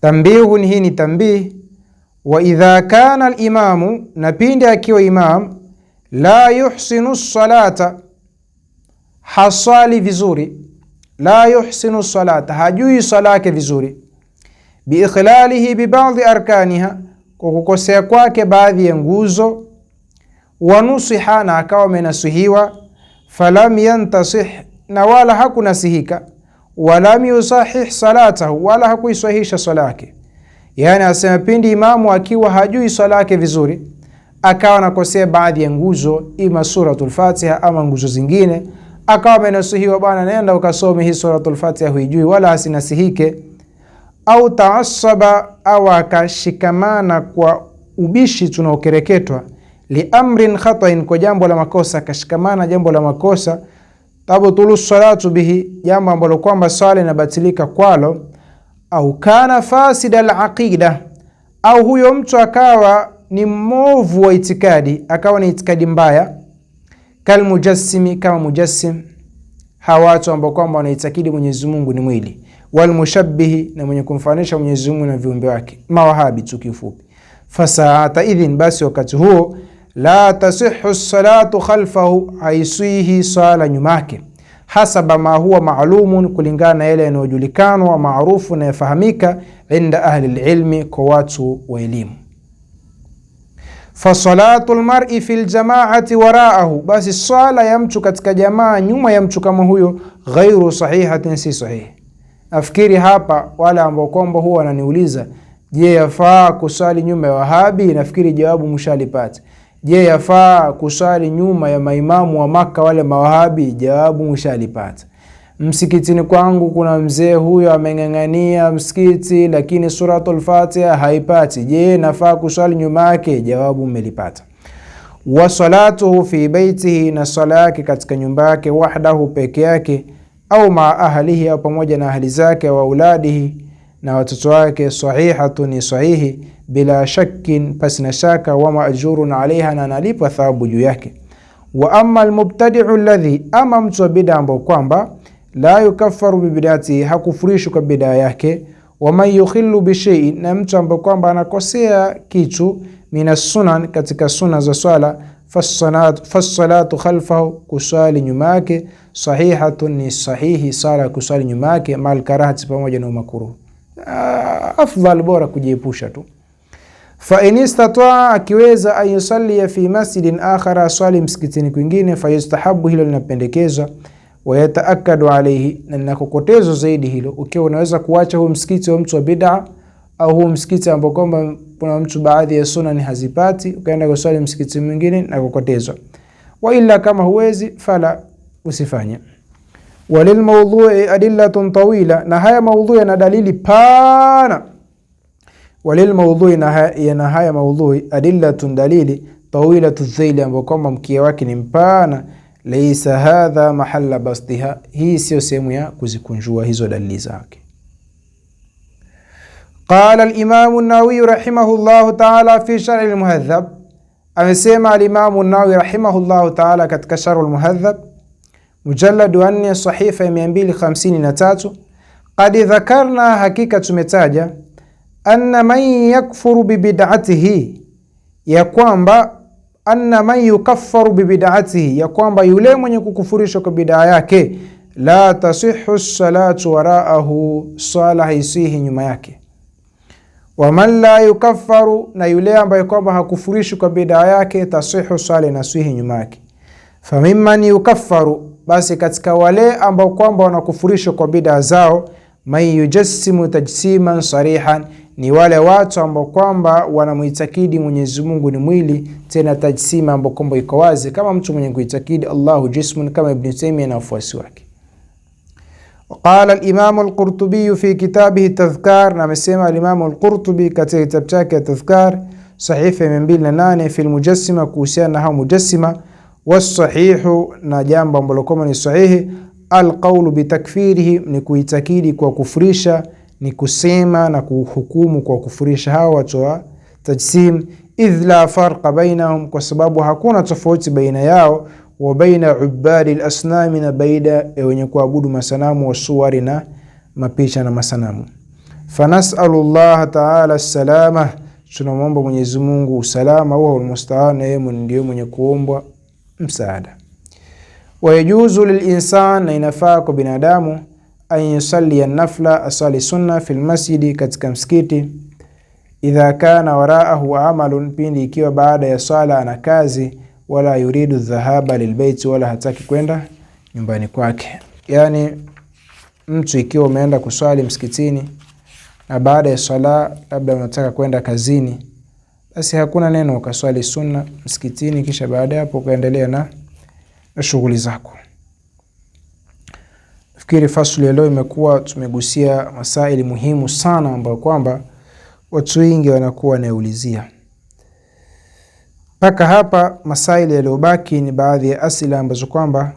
Tambihun, hii ni tambihi. Wa idha kana alimamu, na pindi akiwa imam, la yuhsinu salata, haswali vizuri. La yuhsinu salata, hajui sala yake vizuri. Biikhlalihi bibadhi arkaniha, kwa kukosea kwake baadhi ya nguzo. Wa nusiha, na akawa amenasihiwa. Falam yantasih, na wala hakunasihika walam yusahih salatahu, wala hakuiswahisha swala yake. Yani asema pindi imamu akiwa hajui swala yake vizuri, akawa anakosea baadhi ya nguzo, ima suratul Fatiha ama nguzo zingine, akawa amenasihiwa, bwana, nenda ukasome hii suratul Fatiha, huijui wala asinasihike. Au taasaba, au akashikamana kwa ubishi tunaokereketwa, liamrin khatain, kwa jambo la makosa, akashikamana jambo la makosa tabtulu salatu bihi, jambo ambalo kwamba swala inabatilika kwalo. Au kana fasida alaqida, au huyo mtu akawa ni mmovu wa itikadi, akawa ni itikadi mbaya. Kalmujassimi, kama mujassim, hawa watu ambao kwamba wanaitakidi Mwenyezi Mungu ni mwili. Walmushabbihi, na mwenye kumfananisha Mwenyezi Mungu na viumbe wake, mawahabi tu kifupi. Fasaata idhin, basi wakati huo la tasihu salatu khalfahu, haiswihi swala nyumake, hasaba ma huwa maalumun, kulingana na yale yanayojulikanwa maarufu na yafahamika, inda ahli lilmi, kwa watu wa elimu. Fasalatu lmari fi ljamaati waraahu, basi swala ya mtu katika jamaa nyuma ya mtu kama huyo, ghairu sahihatin, si sahihi. Nafikiri hapa wale ambao kwamba huwa wananiuliza, je, yafaa kuswali nyuma ya Wahabi? Nafikiri jawabu mshalipata. Je, yafaa kuswali nyuma ya maimamu wa maka wale mawahabi? Jawabu mshalipata. Msikitini kwangu kuna mzee huyo ameng'ang'ania msikiti, lakini suratul Fatiha haipati. Je, nafaa kuswali nyuma yake? Jawabu mmelipata. Wa salatuhu fi baitihi, na swala yake katika nyumba yake, wahdahu, peke yake, au maa ahlihi, au pamoja na ahli zake, wa auladihi na watoto wake. Sahihatu ni sahihi, bila shakkin, pasina shaka. Wa maajurun alaiha, na analipwa thawabu juu yake. Wa ama almubtadiu alladhi, ama mtu wa bida ambao kwamba la yukaffaru bibidatihi, hakufurishwi kwa bidaa yake. Wa man yukhillu bishaiin, na mtu ambao kwamba anakosea kitu mina sunan, katika suna za swala fassalatu khalfahu, kuswali nyuma yake. Sahihatun ni sahihi, sala kuswali nyuma yake, mal karahati, pamoja na umakruh Ah, afdhal, bora kujiepusha tu. Fa in istataa, akiweza ayusallia fi masjidin akhara, aswali msikitini kwingine. Fa yustahabu, hilo wa wayataakadu alayhi, na linakokotezwa zaidi hilo, ukiwa unaweza kuacha huu msikiti wa mtu wa bid'a au huu msikiti ambao kwamba kuna mtu baadhi ya sunani hazipati, ukaenda kuswali msikiti mwingine, nakokotezwa. Wa ila, kama huwezi, fala usifanye. وللموضوع أدلة طويلة نهاية موضوع ندليل بانا وللموضوع نهاية نهاية موضوع أدلة دليل طويلة الزيل وكم يعني كيواك نمبانا ليس هذا محل بسطها هي سيوسيمويا كوزيكون جوا هيزو دليل زاكي قال الإمام النووي رحمه الله تعالى في شرع المهذب أمسيما الإمام النووي رحمه الله تعالى كتك المهذب mujalladu wa nne sahifa ya 253 qad dhakarna, hakika tumetaja anna man yakfuru bibid'atihi, ya kwamba anna man yukaffaru bibid'atihi, ya kwamba yule mwenye kukufurishwa kwa bid'a yake la tasihhu salatu waraahu, sala haisihi nyuma yake. Waman la yukaffaru, na yule ambaye kwamba hakufurishi kwa bid'a yake, tasihu sala inasihi nyuma yake. Famimman yukaffaru, basi katika wale ambao kwamba wanakufurishwa kwa bidaa zao. Man yujassimu tajsiman sarihan, ni wale watu ambao kwamba wanamuitakidi Mwenyezi Mungu ni mwili, tena tajsima ambao kwamba iko wazi, kama mtu mwenye kuitakidi Allahu jismun, kama Ibn Taymiyyah na wafuasi wake. Qala al-Imamu al-Qurtubi fi kitabihi Tadhkar, na amesema al-Imamu al-Qurtubi katika kitabu chake Tadhkar, sahifa 208 fi al-Mujassima, kuhusiana na hao Mujassima wasahihu, na jambo ambalo kama ni sahihi. Alqaulu bitakfirihi, ni kuitakidi kwa kufurisha, ni kusema na kuhukumu kwa kufurisha hawa watu wa tajsim. Idh la farqa bainahum, kwa sababu hakuna tofauti baina yao, wa baina ubadi lasnami, na baina ya wenye kuabudu masanamu, wa suwari, na mapicha na masanamu. Fanasalu llaha taala salama, tunamwomba Mwenyezi Mungu usalama, huwa almustaan, na yeye ndiye mwenye kuombwa msaada. Wayajuzu lilinsan, na inafaa kwa binadamu, an yusallia nafla, asali sunna fi lmasjidi, katika msikiti, idha kana waraahu amalun, pindi ikiwa baada ya swala ana kazi, wala yuridu dhahaba lilbeiti, wala hataki kwenda nyumbani kwake. Yani mtu ikiwa umeenda kuswali msikitini na baada ya swala labda unataka kwenda kazini basi hakuna neno, ukaswali sunna msikitini, kisha baada ya hapo ukaendelea na shughuli zako. Nafikiri fasuli ya leo imekuwa tumegusia masaili muhimu sana ambayo kwamba watu wengi wanakuwa wanaulizia. Mpaka hapa masaili yaliyobaki ni baadhi ya asila ambazo kwamba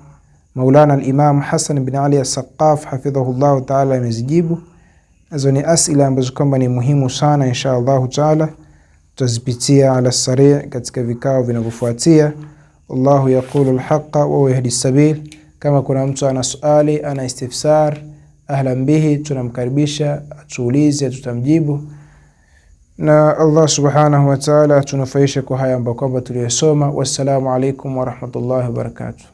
Maulana al-Imam Hassan bin Ali as-Saqaf hafidhahullahu taala amezijibu. Nazo ni asila ambazo kwamba ni muhimu sana insha Allahu taala tutazipitia ala sari katika vikao vinavyofuatia. Wallahu yaqulu alhaqa wa huwa yahdi sabil. Kama kuna mtu ana swali ana istifsar, ahlan bihi, tunamkaribisha atuulize, tutamjibu na Allah subhanahu wa ta'ala tunufaishe kwa haya ambayo kwamba tuliyosoma. Wassalamu alaikum warahmatullahi wabarakatuh.